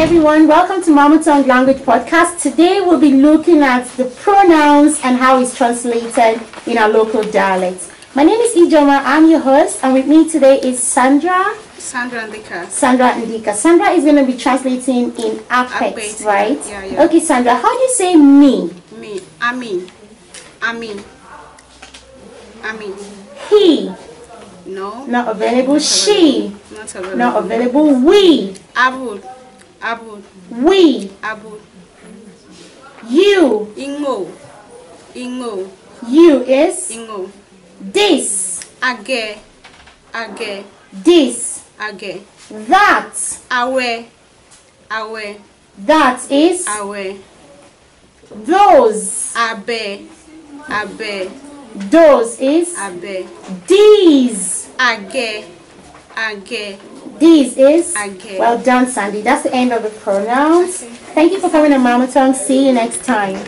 everyone, welcome to Mama Tongue Language Podcast. Today we'll be looking at the pronouns and how it's translated in our local dialects. My name is Ijoma, I'm your host, and with me today is Sandra. Sandra Ndika. Sandra Ndika. Sandra is going to be translating in Apex, right? Yeah, yeah. Okay, Sandra, how do you say me? Me. I mean. I mean. I mean. He. No. Not available. Not available. She. Not available. Not available. We. I would. Abu. We. Abu. You. Ingo. Ingo. You is. Ingo. This. Age. Age. This. Age. That. Awe. Awe. That is. Awe. Those. Abe. Abe. Those is. Abe. These. Age. Again. This is. Again. Well done, Sandy. That's the end of the pronouns. Okay. Thank you for coming to Mama Tongue. See you next time.